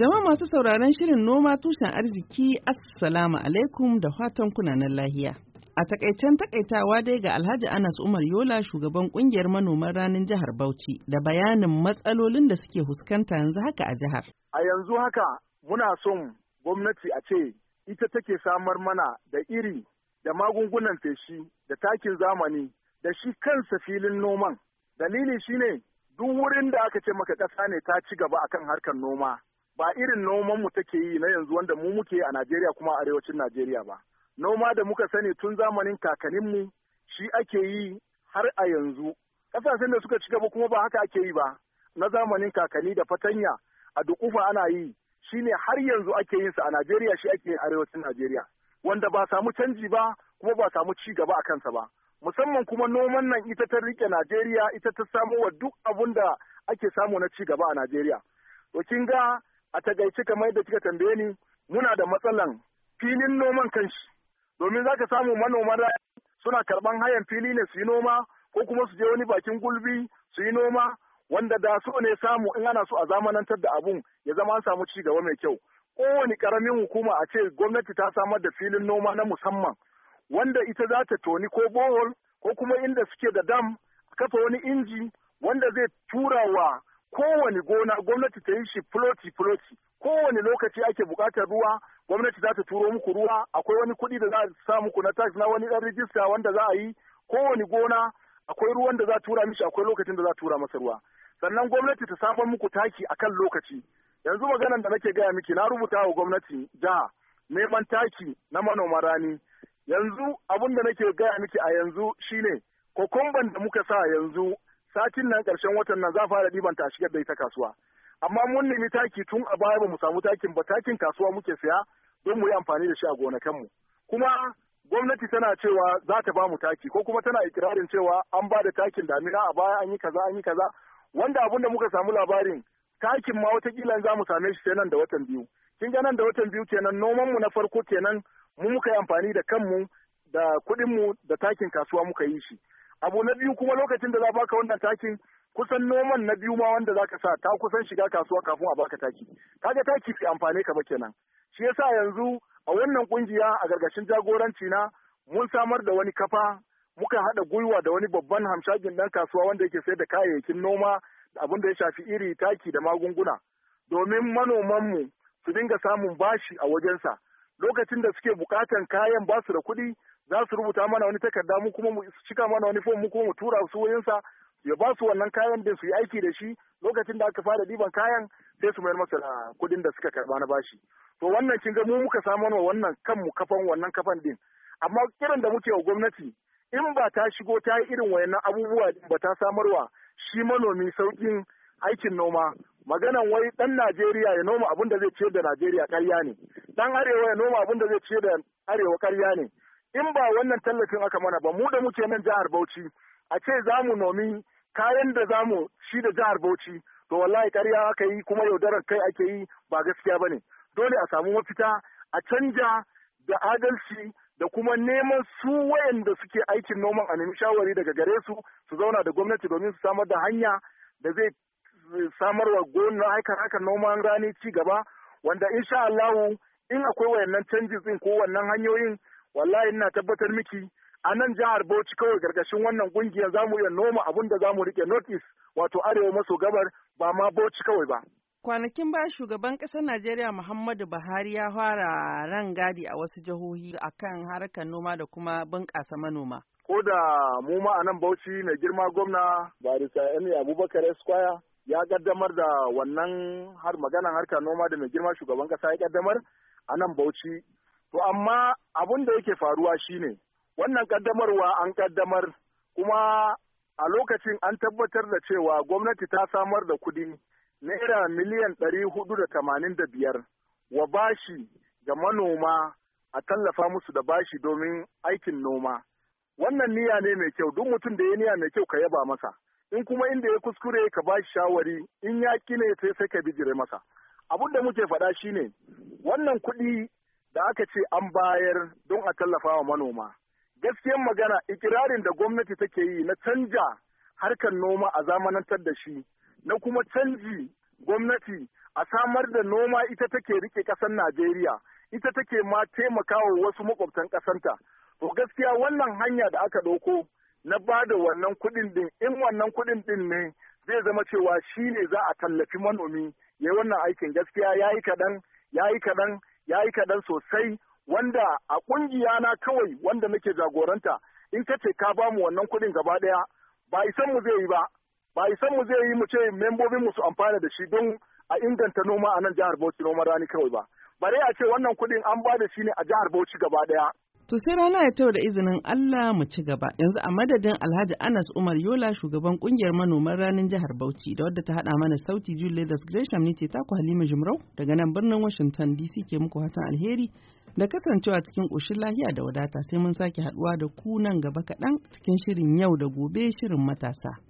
Jama'a masu sauraron shirin noma tushen arziki assalamu alaikum da fatan kunanan lahiya. A takaicen takaitawa dai ga Alhaji Anas Umar Yola shugaban kungiyar manoman ranar jihar Bauchi da bayanin matsalolin da suke fuskanta yanzu haka a jihar. A yanzu haka muna son gwamnati a ce ita take samar mana da iri da magungunan feshi da takin zamani da shi kansa filin noman. Dalili shine duk wurin da aka ce maka ƙasa ne ta ci gaba akan harkar noma. ba irin noman mu take yi na yanzu wanda mu muke a Najeriya kuma arewacin Najeriya ba noma da muka sani tun zamanin kakanninmu shi ake yi har a yanzu ƙasashen da suka ci gaba kuma ba haka ake yi ba na zamanin kakanni da fatanya a dukufa ana yi shi ne har yanzu ake yin sa a Najeriya shi ake arewacin Najeriya wanda ba samu canji ba kuma ba samu ci gaba a kansa ba musamman kuma noman nan ita ta rike Najeriya ita ta samo wa duk abun da ake samu na ci gaba a Najeriya to kin ga a tagaice kamar yadda kika tambaye ni muna da matsalan filin noman kanshi domin za samu manoman rani suna karban hayan fili ne su yi noma ko kuma su je wani bakin gulbi su yi noma wanda da so ne samu in ana so a zamanantar da abun ya zama an samu ci gaba mai kyau kowane karamin hukuma a ce gwamnati ta samar da filin noma na musamman wanda ita za ta toni ko bohol ko kuma inda suke da dam kafa wani inji wanda zai tura wa kowane gona gwamnati ta yi shi floti floti kowane lokaci ake buƙatar ruwa gwamnati za ta turo muku ruwa akwai wani kuɗi da za a sa muku na tax na wani ɗan rijista wanda za a yi kowane gona akwai ruwan da za a tura mishi akwai lokacin da za a tura masa ruwa sannan gwamnati ta samar muku taki akan lokaci yanzu maganan da nake gaya miki na rubuta wa gwamnati jiha neman taki na manoma rani yanzu abin da nake gaya miki a yanzu shine kokumban da muka sa yanzu satin nan ƙarshen watan nan za fara ɗiban ta shigar da ita kasuwa amma mun nemi taki tun a baya ba mu samu takin ba takin kasuwa muke saya don mu yi amfani da shi a gonakanmu kuma gwamnati tana cewa za ta ba mu taki ko kuma tana ikirarin cewa an ba da takin damina a baya an yi kaza an yi kaza wanda abin da muka samu labarin takin ma watakila za mu same shi kenan da watan biyu kin ga nan da watan biyu kenan noman mu na farko kenan mu muka yi amfani da kanmu da kuɗinmu da takin kasuwa muka yi shi abu na biyu kuma lokacin da za baka wannan takin kusan noman na biyu ma wanda zaka sa ta kusan shiga kasuwa kafin a baka taki kaga taki fi amfane ka ba kenan shi yasa yanzu a wannan kungiya a gargashin jagoranci na mun samar da wani kafa muka haɗa gwiwa da wani babban hamshagin dan kasuwa wanda yake sayar da kayayyakin noma abin da ya shafi iri taki da magunguna domin manomanmu su dinga samun bashi a wajensa lokacin da suke bukatan kayan ba su da kuɗi za su rubuta mana wani takarda mu kuma mu cika mana wani fom mu kuma mu tura su wayansa, ya ba su wannan kayan da su yi aiki da shi lokacin da aka fara diban kayan sai su mayar masa da kuɗin da suka karba na bashi to wannan kin ga mu muka samar wa wannan kanmu kafan wannan kafan din amma kiran da muke wa gwamnati in ba ta shigo ta yi irin wayannan abubuwa ba ta samarwa shi manomi sauƙin aikin noma maganan wai dan Najeriya ya noma abin da zai ciyar da Najeriya karya ne dan arewa ya noma abin da zai ciyar da arewa karya ne in ba wannan tallafin aka mana ba mu da muke nan jihar Bauchi a ce za mu nomi kayan da za mu shi da jihar Bauchi to wallahi karya aka yi kuma yaudarar kai ake yi ba gaskiya bane dole a samu mafita a canja da adalci da kuma neman su wayanda suke aikin noman a nemi shawari daga gare su su zauna da gwamnati domin su samar da hanya da zai samarwa gona haika haka noman rani ci gaba wanda insha Allahu in akwai wayannan canjin din ko wannan hanyoyin wallahi ina tabbatar miki a nan jihar Bauchi kawai gargashin wannan ƙungiyar zamu iya noma abun da zamu rike notice wato arewa maso gabar ba ma Bauchi kawai ba Kwanakin baya shugaban ƙasar Najeriya Muhammadu Buhari ya fara ran gadi a wasu jihohi akan harkar noma da kuma bunƙasa manoma. Ko da mu ma a nan Bauchi mai girma gwamna Barisa Emi Abubakar Esquire ya gaddamar da wannan har maganan harka noma da mai girma shugaban kasa ya gaddamar a nan Bauchi. To amma abun da yake faruwa shine wannan kaddamarwa an kaddamar kuma a lokacin an tabbatar da cewa gwamnati ta samar da kuɗi naira miliyan ɗari hudu da tamanin da biyar wa bashi ga manoma a tallafa musu da bashi domin aikin noma. Wannan niyya ne mai kyau, duk mutum da ya niyya mai kyau ka yaba masa. in kuma inda ya kuskure ka ba shawari in ya kine sai sai ka bijire masa abun da muke faɗa shine wannan kuɗi da aka ce an bayar don a tallafa wa manoma gaskiyar magana ikirarin da gwamnati take yi na canja harkar noma a zamanantar da shi na kuma canji gwamnati a samar da noma ita take rike ƙasar najeriya ita take ma taimakawa wasu makwabtan ƙasanta to gaskiya wannan hanya da aka ɗauko na ba da wannan kuɗin din in wannan kuɗin din ne zai zama cewa shi ne za a tallafi manomi ya wannan aikin gaskiya ya yi kaɗan ya yi kaɗan ya yi kaɗan sosai wanda a ƙungiya na kawai wanda nake jagoranta in ka ce ka ba mu wannan kuɗin gaba ɗaya ba isan mu zai yi ba ba isan mu zai yi mu ce membobin mu su amfana da shi don a inganta noma a nan jihar Bauchi noman rani kawai ba bare a ce wannan kuɗin an ba da shi ne a jihar Bauchi gaba ɗaya To sai rana ya tau da izinin Allah mu ci gaba. Yanzu a madadin Alhaji Anas Umar Yola shugaban kungiyar manoman ranar jihar Bauchi da wadda ta hada mana sauti Julius Gresham ne ce taku Halima Jumrau daga nan birnin Washington DC ke muku hatan alheri da kasancewa cikin ƙoshin lahiya da wadata sai mun sake haduwa da ku nan gaba kaɗan cikin shirin yau da gobe shirin matasa.